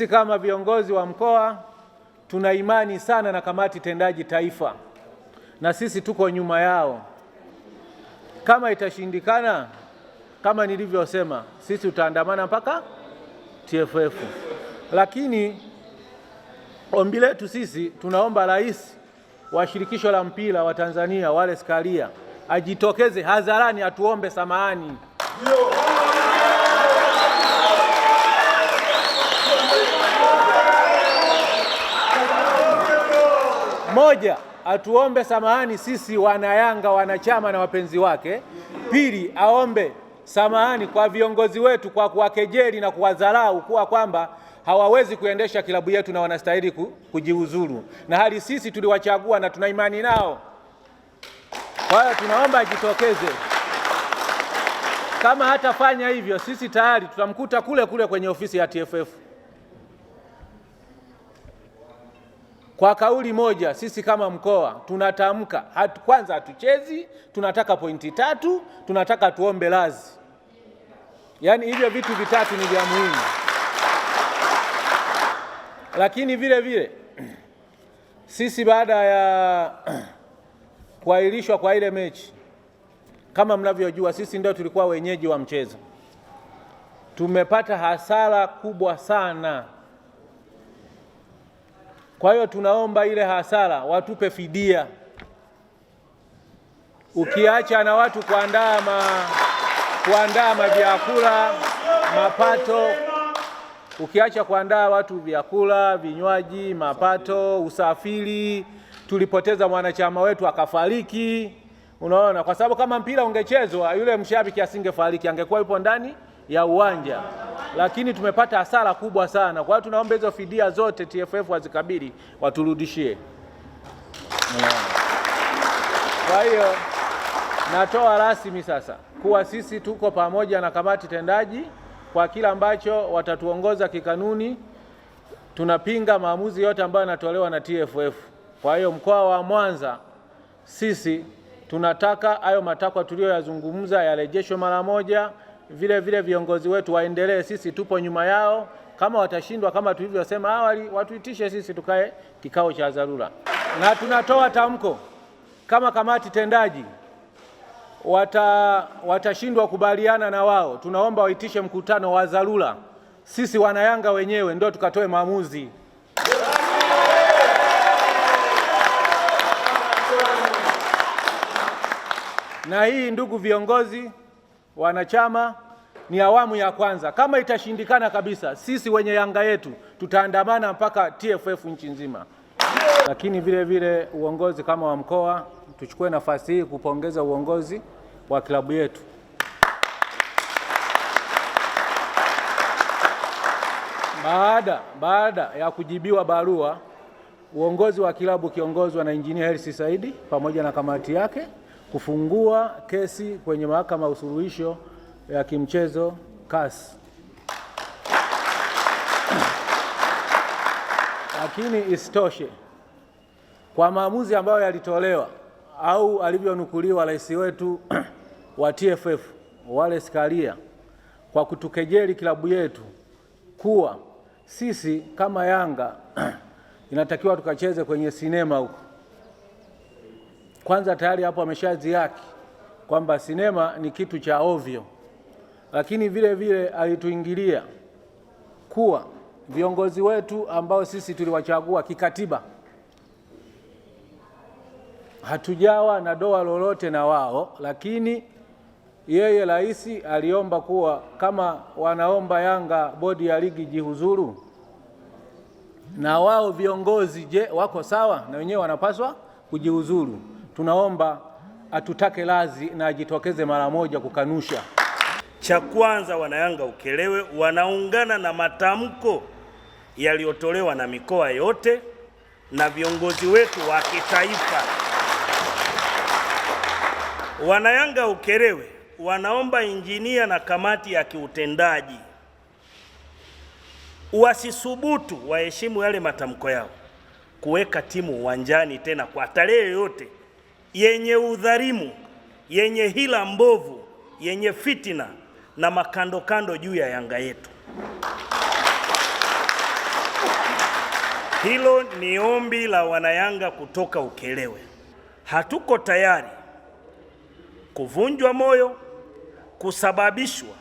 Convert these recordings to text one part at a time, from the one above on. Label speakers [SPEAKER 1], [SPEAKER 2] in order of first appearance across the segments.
[SPEAKER 1] Sisi kama viongozi wa mkoa tuna imani sana na kamati tendaji taifa, na sisi tuko nyuma yao. Kama itashindikana, kama nilivyosema, sisi tutaandamana mpaka TFF, lakini ombi letu sisi tunaomba rais wa shirikisho la mpira wa Tanzania Wallace Karia ajitokeze hadharani atuombe samahani. Moja, atuombe samahani sisi wanayanga, wanachama na wapenzi wake. Pili, aombe samahani kwa viongozi wetu kwa kuwakejeli na kuwadharau kuwa kwamba hawawezi kuendesha kilabu yetu na wanastahili kujiuzuru, na hali sisi tuliwachagua na tuna imani nao. Kwa hiyo tunaomba ajitokeze. Kama hatafanya hivyo, sisi tayari tutamkuta kule kule kwenye ofisi ya TFF. Kwa kauli moja sisi kama mkoa tunatamka hatu, kwanza hatuchezi, tunataka pointi tatu, tunataka tuombe lazi. Yaani hivyo vitu vitatu ni vya muhimu, lakini vile vile sisi baada ya kuahirishwa kwa ile mechi, kama mnavyojua, sisi ndio tulikuwa wenyeji wa mchezo, tumepata hasara kubwa sana. Kwa hiyo tunaomba ile hasara watupe fidia, ukiacha na watu kuandaa ma kuandaa mavyakula mapato, ukiacha kuandaa watu vyakula, vinywaji, mapato, usafiri. Tulipoteza mwanachama wetu akafariki, unaona, kwa sababu kama mpira ungechezwa yule mshabiki asingefariki, angekuwa yupo ndani ya uwanja, lakini tumepata hasara kubwa sana. Kwa hiyo tunaomba hizo fidia zote TFF wazikabili, waturudishie. Kwa hiyo natoa rasmi sasa kuwa sisi tuko pamoja na kamati tendaji kwa kila ambacho watatuongoza kikanuni. Tunapinga maamuzi yote ambayo yanatolewa na TFF. Kwa hiyo mkoa wa Mwanza sisi tunataka hayo matakwa tuliyoyazungumza yarejeshwe mara moja vile vile viongozi wetu waendelee, sisi tupo nyuma yao. Kama watashindwa, kama tulivyosema awali, watuitishe sisi tukae kikao cha dharura, na tunatoa tamko kama kamati tendaji wata watashindwa kubaliana na wao, tunaomba waitishe mkutano wa dharura, sisi wanayanga wenyewe ndio tukatoe maamuzi. Na hii ndugu viongozi wanachama ni awamu ya kwanza. Kama itashindikana kabisa, sisi wenye Yanga yetu tutaandamana mpaka TFF nchi nzima. Lakini vile vile uongozi kama wa mkoa, tuchukue nafasi hii kupongeza uongozi wa klabu yetu baada baada ya kujibiwa barua, uongozi wa kilabu ukiongozwa na Injinia Hersi Saidi pamoja na kamati yake kufungua kesi kwenye mahakama ya usuluhisho ya kimchezo CAS. Lakini isitoshe kwa maamuzi ambayo yalitolewa au alivyonukuliwa rais wetu wa TFF Wallace Karia kwa kutukejeli klabu yetu kuwa sisi kama Yanga inatakiwa tukacheze kwenye sinema huko kwanza tayari hapo ameshaziaki kwamba sinema ni kitu cha ovyo, lakini vile vile alituingilia kuwa viongozi wetu ambao sisi tuliwachagua kikatiba hatujawa na doa lolote na wao, lakini yeye rais aliomba kuwa kama wanaomba Yanga bodi ya ligi jihuzuru, na wao viongozi je, wako sawa? Na wenyewe wanapaswa kujihuzuru tunaomba atutake lazi na ajitokeze mara moja kukanusha.
[SPEAKER 2] Cha kwanza, wanayanga Ukerewe wanaungana na matamko yaliyotolewa na mikoa yote na viongozi wetu wa kitaifa. Wanayanga Ukerewe wanaomba injinia na kamati ya kiutendaji wasisubutu waheshimu yale matamko yao, kuweka timu uwanjani tena kwa tarehe yoyote yenye udhalimu, yenye hila mbovu, yenye fitina na makandokando juu ya Yanga yetu. Hilo ni ombi la wanayanga kutoka Ukerewe. Hatuko tayari kuvunjwa moyo, kusababishwa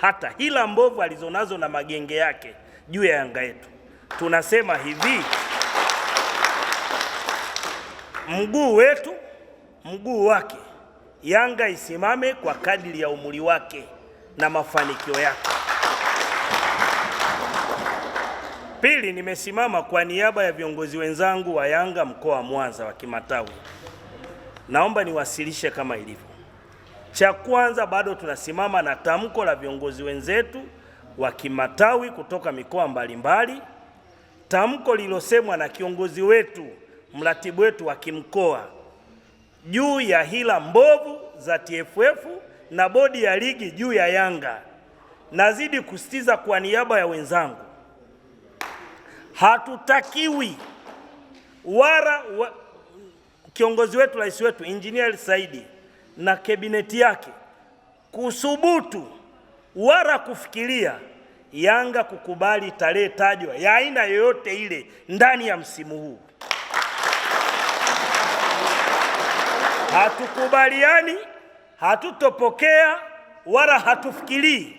[SPEAKER 2] hata hila mbovu alizonazo na magenge yake juu ya Yanga yetu. Tunasema hivi, mguu wetu mguu wake, Yanga isimame kwa kadiri ya umri wake na mafanikio yake. Pili, nimesimama kwa niaba ya viongozi wenzangu wa Yanga mkoa wa Mwanza wa kimatawi, naomba niwasilishe kama ilivyo. Cha kwanza, bado tunasimama na tamko la viongozi wenzetu wa kimatawi kutoka mikoa mbalimbali, tamko lililosemwa na kiongozi wetu, mratibu wetu wa kimkoa juu ya hila mbovu za TFF na bodi ya ligi juu ya Yanga. Nazidi kusisitiza kwa niaba ya wenzangu, hatutakiwi wara wa, kiongozi wetu rais wetu Injinia Saidi na kabineti yake kusubutu wala kufikiria Yanga kukubali tarehe tajwa ya aina yoyote ile ndani ya msimu huu. Hatukubaliani, hatutopokea wala hatufikirii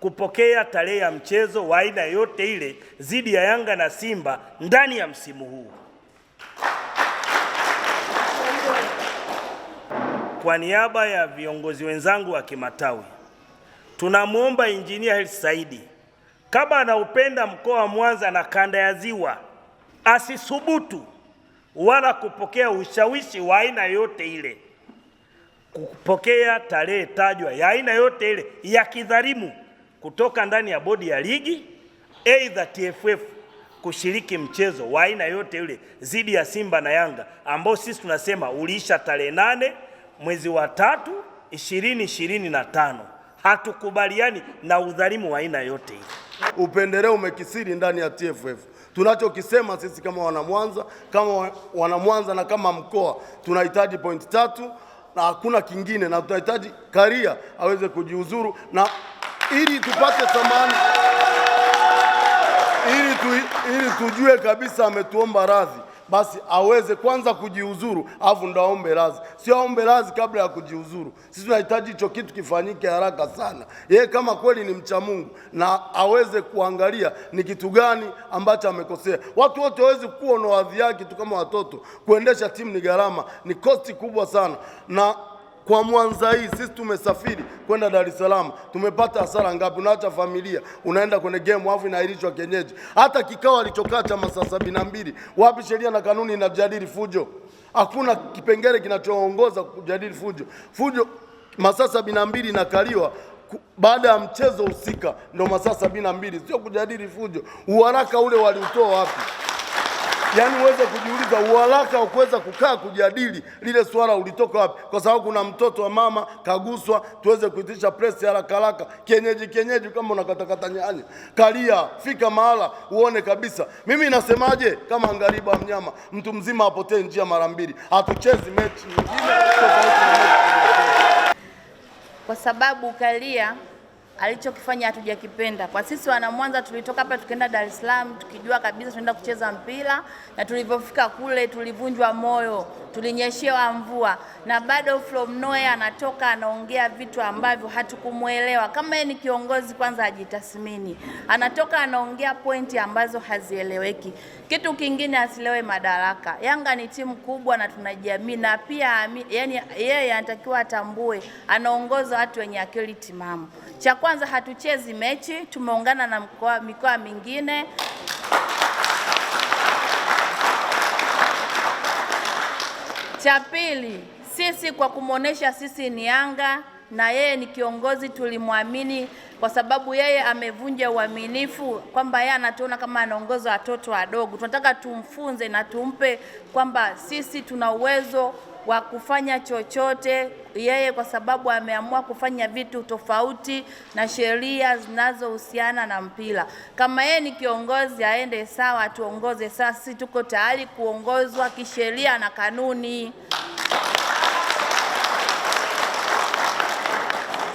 [SPEAKER 2] kupokea tarehe ya mchezo wa aina yote ile dhidi ya Yanga na Simba ndani ya msimu huu, kwa niaba ya viongozi wenzangu wa kimatawi tunamwomba Injinia Hersi Saidi kama anaupenda mkoa wa Mwanza na kanda ya Ziwa asithubutu wala kupokea ushawishi wa aina yote ile, kupokea tarehe tajwa ya aina yote ile ya kidhalimu kutoka ndani ya bodi ya ligi, aidha TFF kushiriki mchezo wa aina yote ile dhidi ya Simba na Yanga ambao sisi tunasema uliisha tarehe nane mwezi wa tatu ishirini ishirini na tano. Hatukubaliani na udhalimu wa aina yote ile
[SPEAKER 3] Upendeleo umekisiri ndani ya TFF. Tunachokisema sisi kama wanamwanza kama wanamwanza na kama mkoa tunahitaji point tatu na hakuna kingine, na tunahitaji Karia aweze kujiuzuru na ili tupate thamani ili, tu, ili tujue kabisa ametuomba radhi basi aweze kwanza kujiuzuru, alafu ndo aombe radhi, sio aombe radhi kabla ya kujiuzuru. Sisi tunahitaji hicho kitu kifanyike haraka sana. Yeye kama kweli ni mcha Mungu na aweze kuangalia ni kitu gani ambacho amekosea. Watu wote hawezi kuwa na wadhi yake tu, kama watoto. Kuendesha timu ni gharama, ni kosti kubwa sana na kwa Mwanza hii sisi tumesafiri kwenda Dar es Salaam, tumepata hasara ngapi? Unaacha familia unaenda kwenye game afu inaahirishwa kienyeji. Hata kikao alichokaa cha masaa sabini na mbili, wapi sheria na kanuni inajadili fujo? Hakuna kipengele kinachoongoza kujadili fujo. Fujo masaa sabini na mbili inakaliwa baada ya mchezo husika, ndio masaa sabini na mbili, sio kujadili fujo. Uharaka ule waliutoa wapi? yaani uweze kujiuliza uharaka wa kuweza kukaa kujadili lile swala ulitoka wapi, kwa sababu kuna mtoto wa mama kaguswa, tuweze kuitisha press haraka haraka, kienyeji kienyeji, kama unakatakata nyanya kalia, fika mahala uone kabisa. Mimi nasemaje, kama ngariba mnyama, mtu mzima apotee njia mara mbili, hatuchezi mechi nyingine
[SPEAKER 4] kwa sababu kalia alichokifanya hatujakipenda. Kwa sisi wana Mwanza tulitoka hapa tukaenda Dar es Salaam tukijua kabisa tunaenda kucheza mpira, na tulivyofika kule tulivunjwa moyo tulinyeshewa mvua na bado from nowhere anatoka anaongea vitu ambavyo hatukumuelewa. Kama yeye ni kiongozi kwanza ajitathmini, anatoka anaongea pointi ambazo hazieleweki. Kitu kingine asilewe madaraka. Yanga ni timu kubwa na tunajiamini, na pia yani yeye anatakiwa atambue anaongoza watu wenye akili timamu. Cha kwanza hatuchezi mechi, tumeungana na mikoa mingine Cha pili, sisi kwa kumwonyesha sisi ni Yanga na yeye ni kiongozi, tulimwamini kwa sababu yeye amevunja uaminifu, kwamba yeye anatuona kama anaongoza watoto wadogo. Tunataka tumfunze na tumpe kwamba sisi tuna uwezo wa kufanya chochote yeye, kwa sababu ameamua kufanya vitu tofauti na sheria zinazohusiana na mpira. Kama yeye ni kiongozi, aende sawa, atuongoze sasa Sisi tuko tayari kuongozwa kisheria na kanuni.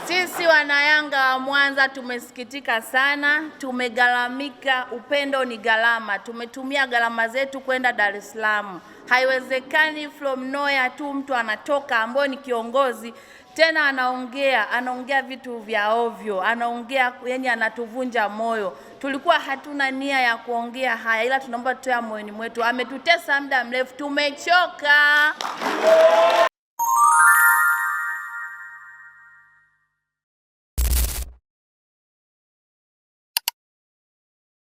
[SPEAKER 4] Sisi wanayanga wa Mwanza tumesikitika sana, tumegalamika. Upendo ni gharama, tumetumia gharama zetu kwenda Dar es Salaam. Haiwezekani from nowhere tu mtu anatoka ambaye ni kiongozi tena anaongea anaongea vitu vya ovyo, anaongea yani, anatuvunja moyo. Tulikuwa hatuna nia ya kuongea haya, ila tunaomba tutoe moyoni mwetu. Ametutesa muda mrefu, tumechoka.